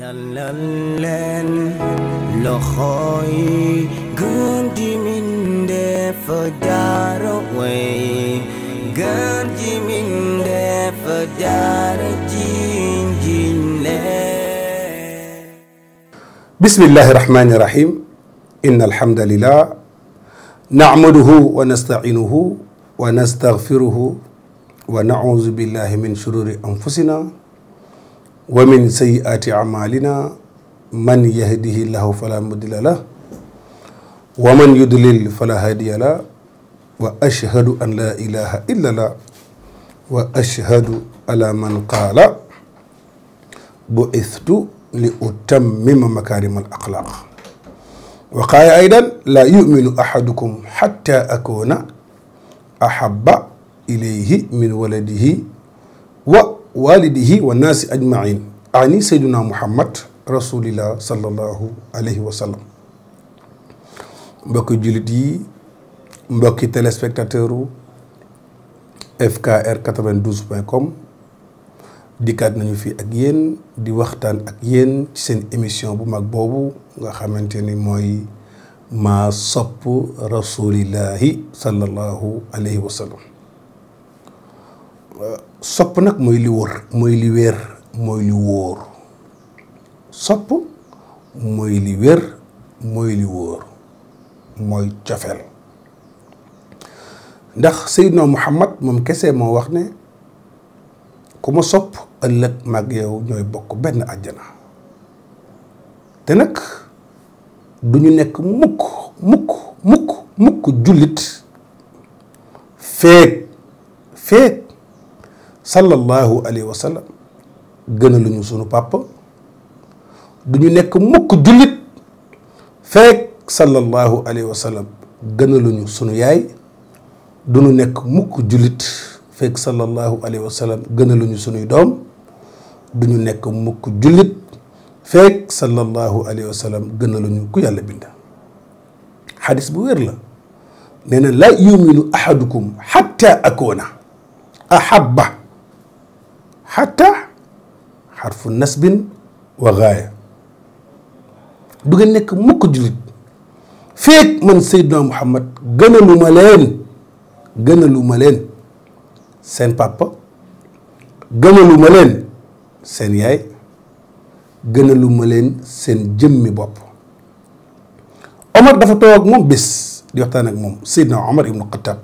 tàllal leen loxo yi gën di mindeef jaara way gën di mindeef jaara jiñ jiñ leen bismillahi rahmani rahim inna alhamdulillah nahmaduhu wa nasta'inuhu wa nastaghfiruhu wa na'udhu billahi min shururi anfusina wa min sayyiaati acmaalina man yahdihi llaahu falaa mudilla lah wa man yudlil falaa haadiya lah wa ashhadu an laa ilaaha illa lah wa ashhadu ala man qaala bu'ithtu li utammima makaarimal axlaaq wa qaala aydan laa yuminu ahadukum xatta akuuna ahabba ilayhi min waladihi wa waalidihi wa naasi ajmain ani sayduna muhammad rasulillah sallallahu alayhi wa sallam mbokki jullit yi mbokki téléspectateur u fkr 92 point com dikkaat nañu fi ak yéen di waxtaan ak yéen ci seen émission bu mag boobu nga xamante ni mooy ma sopp rasulillahi sallallahu alayhi wa sallam sopp nag mooy li wër mooy li wér mooy li mooy li wér mooy li ndax Seydina Muhammad moom kese moo wax ne ku ma sopp ëllëg mag yow ñooy bokk benn àjjana te nag du ñu nekk mukk mukk mukk mukk jullit feeg feeg sallallahu alayhi wa sallam sunu papa du ñu nekk mukk jullit feek sallallahu alayhi wa sallam gën yaay du nekk mukk jullit feek sallallahu alayhi wa sallam sunuy doom du ñu nekk mukk jullit feek sallallahu alayhi wa sallam gën a ku yàlla bind xadis bu wér la nee na laa yuminu ahadukum xatta akoona ahabba xatta xarfu nasbin wa gaaya du ngeen nekk mukk jullit feek man Seydina Muhammad gënalu leen gënalu leen seen papa gënalu ma leen seen yaay gënalu leen seen jëmmi bopp Omar dafa toog ak moom bés di waxtaan ak moom Seydina Omar ibnu Xattaab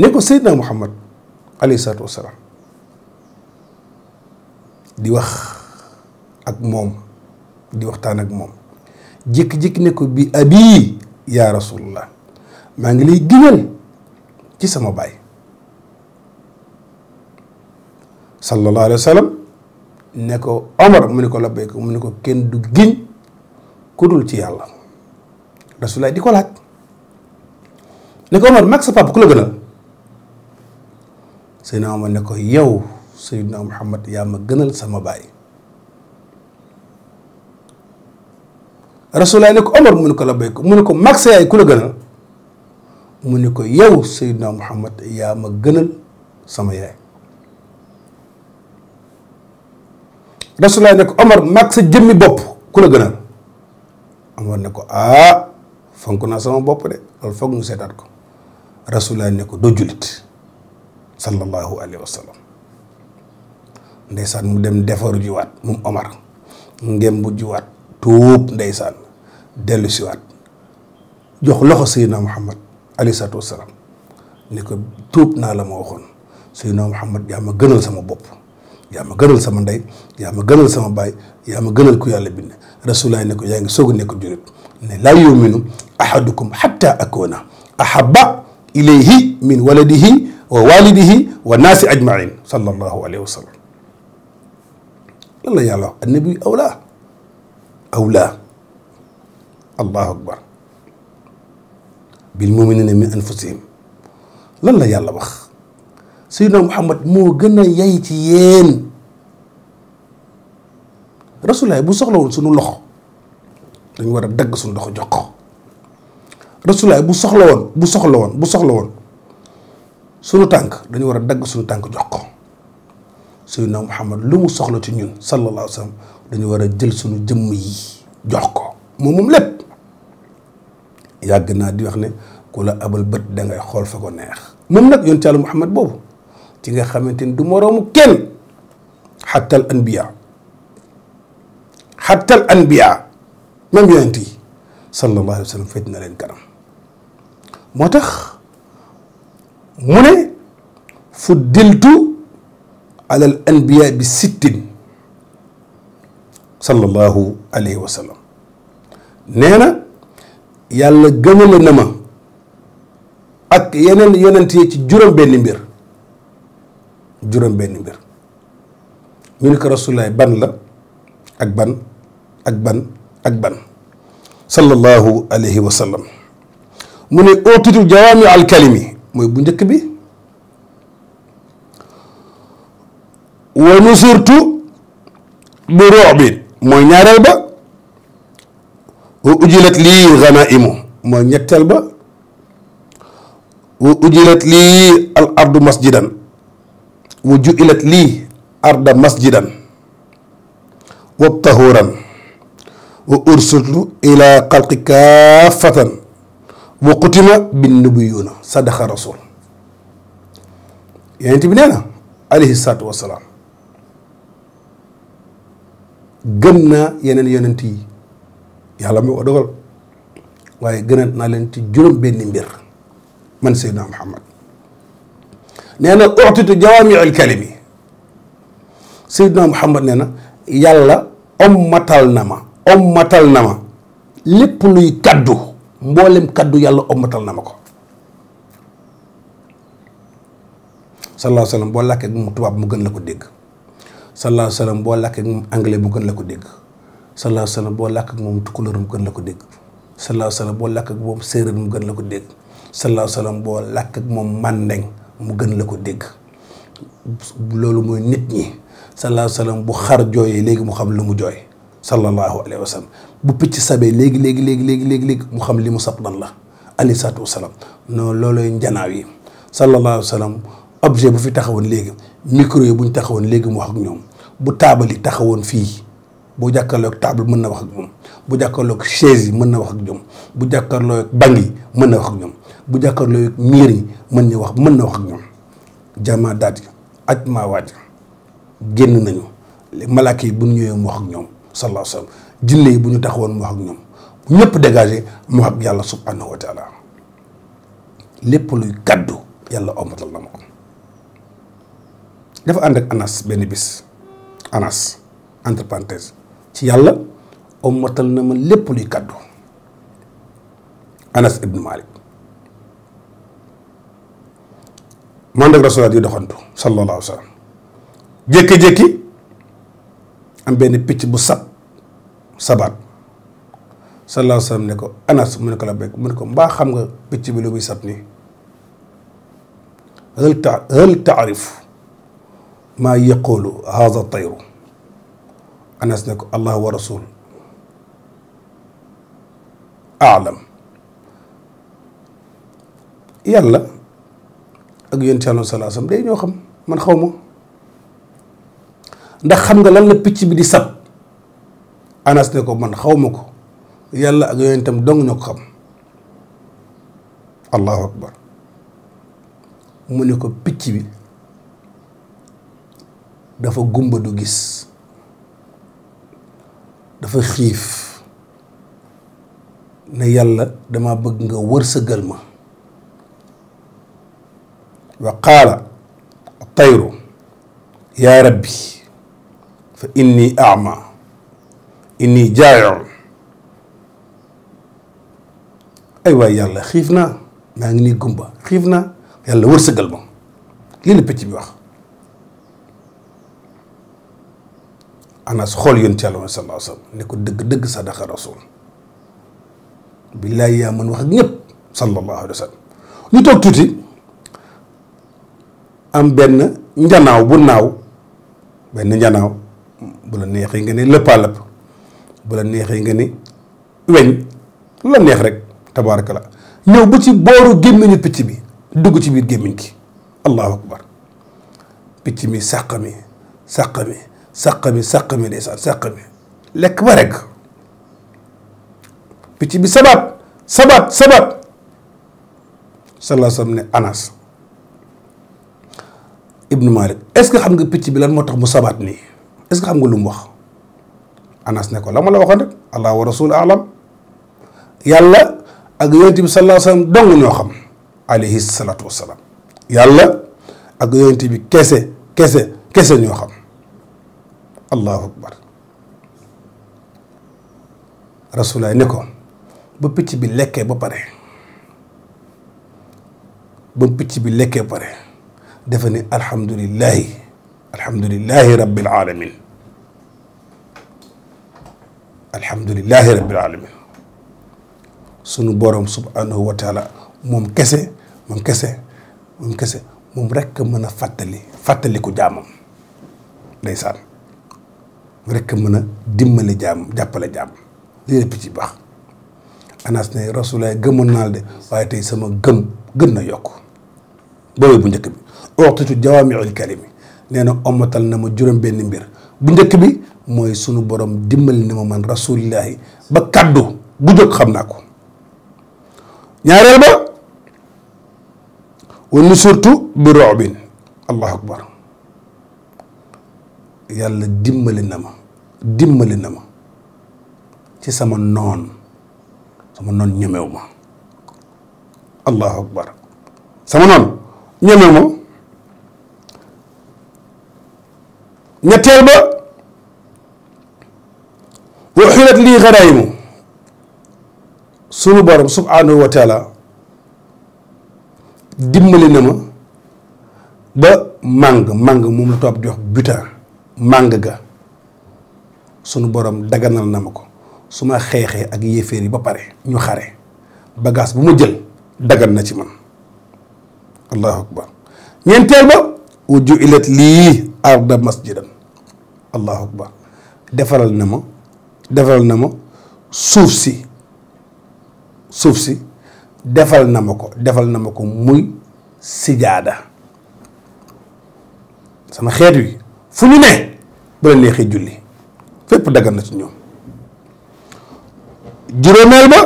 ne ko Muhammad alayhi salaatu wasalaam di wax ak moom di waxtaan ak moom jékki-jékki ne ko bi abii yaa rasulullah maa ngi lay giñal ci sama baay sallallahu alayhi wa sallam ne ko Omar mu ne ko labbay ko mu ne ko kenn du giñ ku dul ci yàlla rasulullah di ko laaj ne ko Omar mag sa papa ku la gënal Seydina Omar ne ko yow Seydina Muhammad yaa ma gënal sama baay Rasulullah ne ko Omar mu ne ko la béy ko mu ne ko mag sa yaay ku gënal mu ko yow Seydina Muhammad yaa ma gënal sama yaay Rasulullah ne ko Omar mag sa bopp ku gënal Omar ne ko ah fonk sama bopp de loolu foog ñu seetaat ko Rasulullah ko doo jullit sallallahu alayhi wa sallam ndeysaan mu dem defaru jiwaat moom Omar ngémbu jiwaat tuub ndeysaan dellu siwaat jox loxo Seydina Muhammad alayhi salaatu wa salaam ni ko tuub naa la ma waxoon Seydina Muhammad yaa ma gënal sama bopp yaa ma gënal sama ndey yaa ma gënal sama baay yaa ma gënal ku yàlla bind rasulaay ne ko yaa ngi soog a nekk jurit ne laa yuminu ahadukum hatta akuna ahabba ilayhi min waladihi wa walidihi wa naasi ajmain sallallahu alayhi wa sallam lan la yàlla wax annabi awla awla allahu akbar bil muminina min anfusihim lan la yàlla wax sayyidina Muhammad moo gën a yay ci yéen rasulaay bu soxla woon suñu loxo dañu war a dagg suñu loxo jox ko rasulaay bu soxla woon bu soxla woon bu soxla woon sunu tànk dañu war a dagg sunu tànk jox ko sayyidina Muhammad lu mu soxla ci ñun sallallahu alayhi wa sallam dañu war a jël sunu jëmm yi jox ko moom moom lépp yàgg naa di wax ne ku la abal bët da ngay xool fa ko neex. moom nag yonent Yàlla Muhammad boobu ci nga xamante ni du moroomu kenn xatta al anbiya xatta al anbiya yi sallallahu alayhi wa sallam féet na leen kanam moo tax. mu ne fuddiltu alal anbiya bi sittin sallallahu alayhi wa sallam na yàlla gëmale na ma ak yeneen yonent yi ci juróom benn mbir juróom benn mbir ñu ne ko rasulaay ban la ak ban ak ban ak ban sallallahu alayhi wa sallam mu ne utitu jawaami alkalimi mooy bu njëkk bi wa nusurtu bu ru'bin mooy ñaareel ba wa ujilat lii ganaimu mooy ñetteel ba wa ujilat lii arda masjidan wa tahuran wa ursiltu ila xalqi kaafatan wa xutima bin nabiyuuna sadaqa rasul yonent bi nee na alayhi salaatu wasalaam gën naa yeneen yonent yi yàlla mi ko dogal waaye gënat naa leen ci juróom benn mbir man Seydina Muhammad nee na utitu jawaamiul kalimi Seydina Muhammad nee na yàlla ommatal na ma ommatal na ma lépp luy kaddu mboolem kàddu yàlla ombatal na ma ko sallallahu alayhi wa sallam boo làkkee ak moom tubaab mu gën la ko dégg sallallahu alayhi wa sallam boo gën la ko dégg sallallahu alayhi boo làkk ak moom tukulóor mu gën la ko dégg sallallahu alayhi boo làkk ak moom séeréer mu gën la ko dégg sallallahu alayhi wa sallam moom màndeng mu gën la ko dégg loolu mooy nit ñi sallallahu alayhi bu xar jooyee léegi mu xam lu mu jooy sallallahu alayhi wa sallam bu picc sabee léegi léegi léegi léegi léegi léegi mu xam li mu sab lan la alayhi salaatu wasalaam non looloy njanaaw yi sallallahu alayhi wa sallam objet bu fi taxawoon léegi micro bu ñu taxawoon léegi mu wax ak ñoom bu taabal yi taxawoon fii bu jàkkaarloog table mën na wax ak moom bu jàkkaarloog chaise yi mën na wax ak ñoom bu jàkkaarloog banc yi mën na wax ak ñoom bu jàkkaarloog miir yi mën na wax mën na wax ak ñoom jamaa daat yi aj maa waaj génn nañu malaaka yi bu ñu ñëwee mu wax ak ñoom sallallahu alayhi wa sallam jinne yi bu ñu taxawoon mu wax ak ñoom bu ñëpp dégagé mu wax ak yàlla subhanahu wa lépp luy kàddu yàlla omatal na ma ko dafa ànd ak anas benn bis anas entre ci yàlla omatal na ma lépp luy kàddu anas ibnu malik man rek rasulaat yu doxantu sallallahu alayhi jékki-jékki am benn picc bu sab sabaat sallallahu alayhi ne ko anas mu ne ko la bekk mu ne ko mbaa xam nga picc bi lu muy sab nii hal ta hal taarif maa yaqulu haza tayru anas ne ko allah wa rasul aalam yàlla ak yoon yàlla sallallahu alayhi wa ñoo xam man xaw ma ndax xam nga lan la picc bi di sab anas ne ko man xaw ma ko yàlla ak yonentam dong ñoo ko xam allahu akbar mu ne ko picc bi dafa gumba du gis dafa xiif ne yàlla dama bëgg nga wërsëgal ma wa qaala tayru yaa rabbi fa inni ama inni jaayoon ay yàlla xiif naa maa ngi nii gumba xiif naa yàlla wërsëgal ma lii la picc bi wax anas xool yonent yàlla sallallahu alayhi wasallam ne ko dëgg-dëgg sadaqa rasul billaay yaa mën wax ak ñëpp sallallahu alayhi wasallam ñu toog tuuti am benn njanaaw bu naaw benn njanaaw bu la neexee nga ne lëppaa lëpp bu la neexee nga ni weñ la neex rek tabaaraka la ñëw ci booru gémmiñu picc bi dugg ci biir gémmiñ gi allahu akbar picc mi sàq mi sàq mi sàq mi sàq mi sàq mi lekk ba rekk picc bi sabaat sabaat sabaat salaasam ne anas ibnu malik est-ce que xam nga picc bi lan moo tax mu sabaat nii est-ce que xam nga lu mu wax anas ne ko la ma la waxoon rek wa rasul alam yàlla ak yonent bi sallallahu alayhi wa sallam ñoo xam alayhi salatu wasalaam yàlla ag yonent bi kese kese kese ñoo xam allahu akbar rasulaay ne ba picc bi lekkee ba pare ba picc bi lekkee pare dafa ne alhamdulillahi alhamdulillahi rabbil alamin alhamdulilahi rabbil sunu borom subhanahu wa moom kese moom kese moom kese moom rekk mën a fàttali fàttaliku jaamam ndeysaan rekk mën a dimbali jaam jàppale jaam lii lépp ci baax anas ne rasulaay gëmoon naa de waaye tey sama gëm gën na yokk boobu bu njëkk bi waxtu ci jawaamiul kalimi nee na omatal na ma juróom benn mbir bu njëkk bi mooy sunu borom dimbali na ma man rasulillahi ba kàddu bu jóg xam naa ko ñaareel ba wa nusurtu bi roobin allahu akbar yàlla dimbali na ma dimbali na ma ci sama noon sama noon ñemew ma allahu akbar sama noon ñemew ñetteel ba wa xulat lii xaraayimu sunu borom subhaanahu wa dimbali na ma ba màng màng moom la tubaab di wax butin màng ga sunu borom daganal na ma ko su ma xeexee ak yéeféer yi ba pare ñu xare bagage bu ma jël dagan na ci man allahu akbar ñeenteel ba wa juilat lii arda masjidan allahu akbar defaral na ma defal na ma suuf si suuf si defal na ma ko defal na ma ko muy sijaada sama xeet wi fu ñu ne bu la neexee julli fépp daggan na ci ñoom juróomeel ba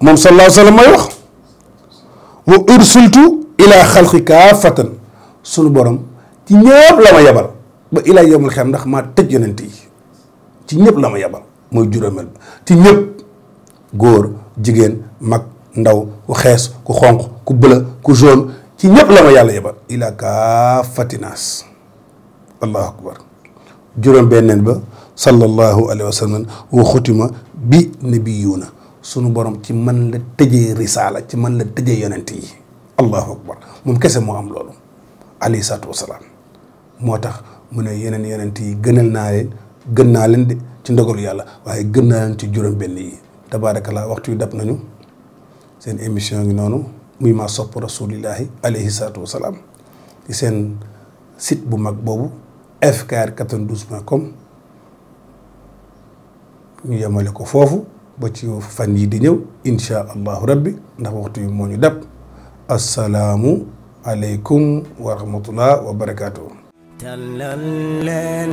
moom sallallahu alayhi wa sallam may wax wa ursultu ila xalqi kaafatan sunu borom ci ñëpp la ma yebal ba ilaa yawmul xiyaam ndax maa tëj yonent yi ci ñëpp la ma yebal mooy juróomeel ba ci ñëpp góor jigéen mag ndaw ku xees ku xonq ku bëla ku jaune ci ñëpp la ma yàlla yebal ila kafatinaas allahu akbar juróom benneen ba sallallahu alayhi wa sallam wa bi nabiyuuna sunu boroom ci man la tëjee risaala ci man la tëjee yonent yi allahu akbar moom kese moo am loolu alayhi salaatu wasalaam moo tax mu ne yeneen yonent yi gënal naa leen gën naa leen de ci ndogalu yàlla waaye gën naa leen ci juróom-benn yi tabaarakallaa waxtu yu dab nañu seen émission ngi noonu muy ma sopp rasulillahi alayhi salaatu salaam ci seen site bu mag boobu fkr 92 point com ñu yemale ko foofu ba ci fan yi di ñëw insha allahu rabbi ndax waxtu yu moo ñu dab assalaamu aleykum wa rahmatullah wa tàllal leen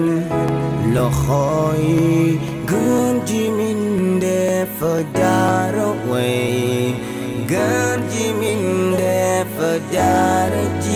loxo yi gën ji mindeef jaara way gën ji mindeef jaara